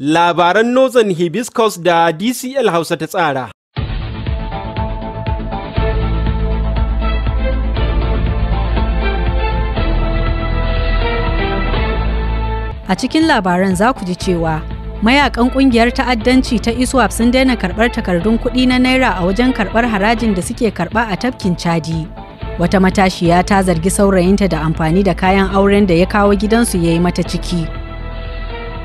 labaran Northern Hibiscus da DCL Hausa ta tsara. A cikin labaran za ku ji cewa mayakan kungiyar ta'addanci ta ISWAP sun daina karɓar takardun kuɗi na Naira a wajen karɓar harajin da suke karɓa a tafkin Chadi. Wata matashiya ta zargi saurayinta da amfani da kayan auren da ya kawo gidansu ya yi mata ciki.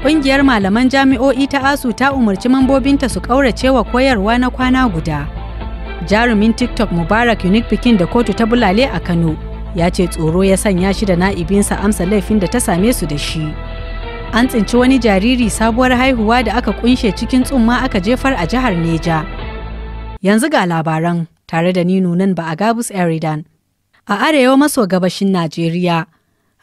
Ƙungiyar malaman jami'o'i ta ASU ta umarci mambobinta su wa koyarwa na kwana guda. Jarumin TikTok Mubarak Unique Bikin da kotu ta bulale a Kano ya ce tsoro ya sanya shi da na'ibinsa amsa laifin da ta same su da shi. An tsinci wani jariri sabuwar haihuwa da aka kunshe cikin tsumma aka jefar a jihar Neja. Yanzu ga labaran tare da ni nunan ba a Gabus Eridan. A arewa maso gabashin Najeriya,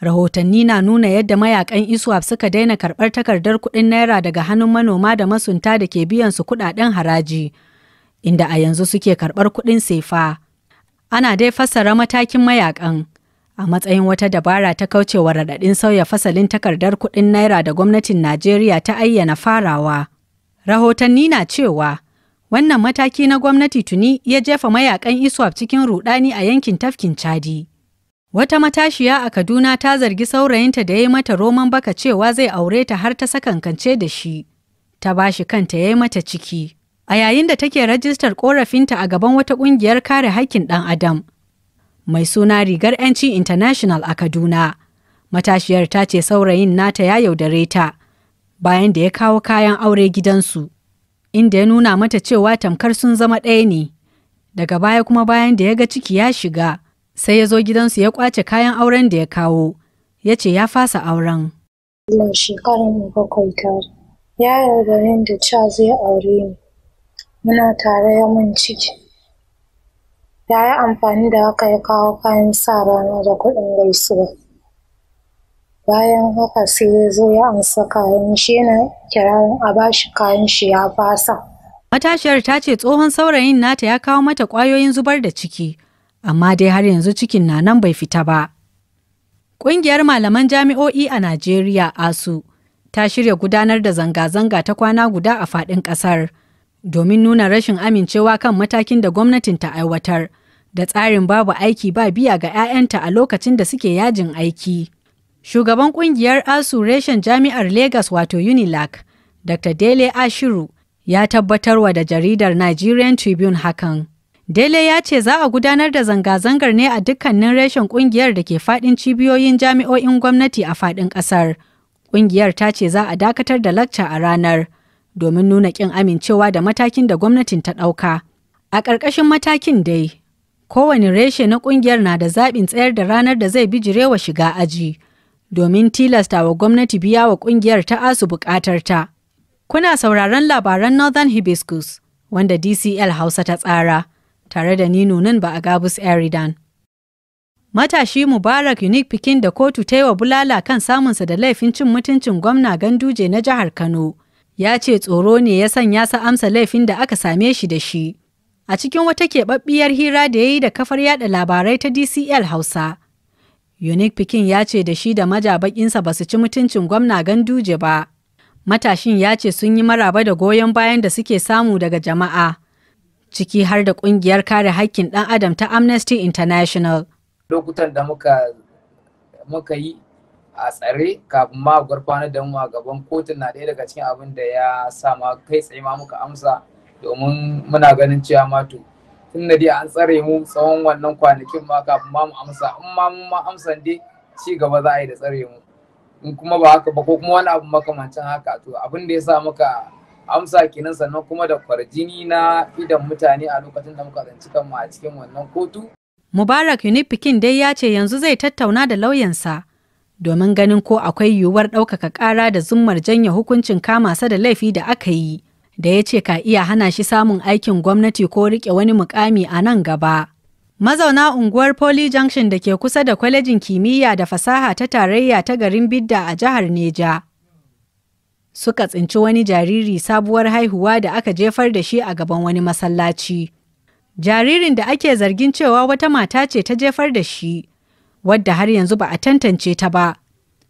rahotanni na nuna yadda mayakan iswap suka daina karɓar takardar kuɗin naira daga hannun manoma da masunta da ke biyan su kuɗaɗen haraji inda a yanzu suke karɓar kuɗin sefa ana dai fassara matakin mayakan a matsayin wata dabara ta kaucewa raɗaɗin sauya fasalin takardar kuɗin naira da gwamnatin najeriya ta ayyana farawa rahotanni na cewa wannan mataki na gwamnati tuni ya jefa mayakan iswap cikin rudani a yankin tafkin chadi Wata matashiya a Kaduna ta zargi saurayinta da ya yi mata roman baka cewa zai aure ta har ta sakankance da shi. Ta ba shi kanta ya yi mata ciki. A yayin da take rajistar ƙorafinta a gaban wata ƙungiyar kare haƙƙin ɗan Adam. Mai suna Rigar 'Yanci International a Kaduna. Matashiyar ta ce saurayin nata ya yaudare ta bayan da ya kawo kayan aure gidansu. Inda ya nuna mata cewa tamkar sun zama ɗaya ne. Daga baya kuma bayan da ya ga ciki ya shiga. sai ya zo gidansu ya kwace kayan auren da ya kawo ya ce ya fasa auren. Ina shekarar mu bakwai tare, ya da cha zai aure ni, muna tare ya mun ciki. Ya yi amfani da haka ya kawo kayan sa rana da kuɗin gaisuwa. Bayan haka sai ya zo ya amsa kayan shi yana kirarin a bashi kayan shi ya fasa. Matashiyar ta ce tsohon saurayin nata ya kawo mata ƙwayoyin zubar da ciki. amma dai har yanzu cikin na nan bai fita ba. Ƙungiyar malaman jami'o'i a Najeriya ASU ta shirya gudanar da zanga-zanga ta kwana guda a faɗin ƙasar domin nuna rashin amincewa kan matakin da gwamnatin ta aiwatar da tsarin babu aiki ba biya ga 'ya'yanta a lokacin da suke yajin aiki. Shugaban ƙungiyar ASU reshen jami'ar Legas wato UNILAC, Dr. Dele Ashiru ya tabbatarwa da jaridar Nigerian Tribune hakan. Dele ya ce za a gudanar da zanga-zangar ne a dukkanin reshen kungiyar da ke faɗin cibiyoyin jami'o'in gwamnati a faɗin ƙasar. Kungiyar ta ce za a dakatar da lacca a ranar domin nuna ƙin amincewa da matakin da gwamnatin ta ɗauka. A ƙarƙashin matakin dai, kowane reshe na kungiyar na da zaɓin tsayar da ranar da zai bijirewa shiga aji domin tilasta wa gwamnati biya wa kungiyar ta asu buƙatar ta. Kuna sauraron labaran Northern Hibiscus wanda DCL Hausa ta tsara. tare da ni nan ba a Gabus Eridan. Matashi Mubarak Unique Pikin da kotu ta yi wa bulala kan samunsa da laifin cin mutuncin gwamna Ganduje na jihar Kano ya ce tsoro ne ya sanya sa amsa laifin da aka same shi da shi. A cikin wata keɓaɓɓiyar hira da ya yi da kafar yada labarai ta DCL Hausa. Unique Pikin ya ce da shi da majabakinsa ba su ci mutuncin gwamna Ganduje ba. Matashin ya ce sun yi maraba da goyon bayan da suke samu daga jama'a. ciki har da kungiyar kare haƙƙin ɗan adam ta Amnesty International. Lokutan da muka yi a tsare kafin ma gurfanar da mu a gaban kotun na ɗaya daga cikin abin da ya sa ma kai tsaye ma muka amsa domin muna ganin cewa ma tun da an tsare mu tsawon wannan kwanakin ma kafin ma mu amsa in ma mun ma amsan dai ci gaba za a yi da tsare mu in kuma ba haka ba ko kuma wani abu makamancin haka to abin da ya sa muka amsa kenan sannan kuma da kwarjini na idan mutane a lokacin da muka zanci kanmu a cikin wannan kotu. Mubarak Unifikin dai ya ce yanzu zai tattauna da lauyansa domin ganin ko akwai yiwuwar ɗaukaka ƙara da zummar janya hukuncin kama sa da laifi da aka yi da ya ce ka iya hana shi samun aikin gwamnati ko riƙe wani mukami a nan gaba. Mazauna unguwar Poly Junction da ke kusa da kwalejin kimiyya da fasaha ta tarayya ta garin Bidda a jihar Neja suka tsinci wani jariri sabuwar haihuwa da aka jefar da shi a gaban wani masallaci. Jaririn da ake zargin cewa wata mata ce ta jefar da shi, wadda har yanzu ba a tantance ta ba.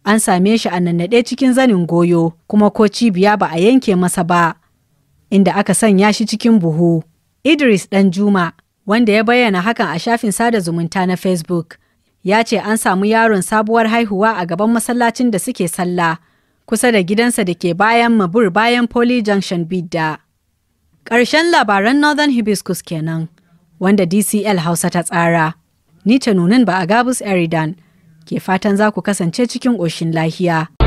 An same shi a nannaɗe cikin zanin goyo, kuma ko cibiya ba a yanke masa ba, inda aka sanya shi cikin buhu. Idris Danjuma, wanda ya bayyana hakan a shafin sada zumunta na Facebook, ya ce an samu yaron sabuwar haihuwa a gaban masallacin da suke sallah. kusa da gidansa da ke bayan mabur bayan Poly Junction Bidda. Ƙarshen labaran Northern Hibiscus kenan, wanda DCL Hausa ta tsara. Ni ta nunin ba a gabus Eridan, ke fatan za ku kasance cikin ƙoshin lahiya.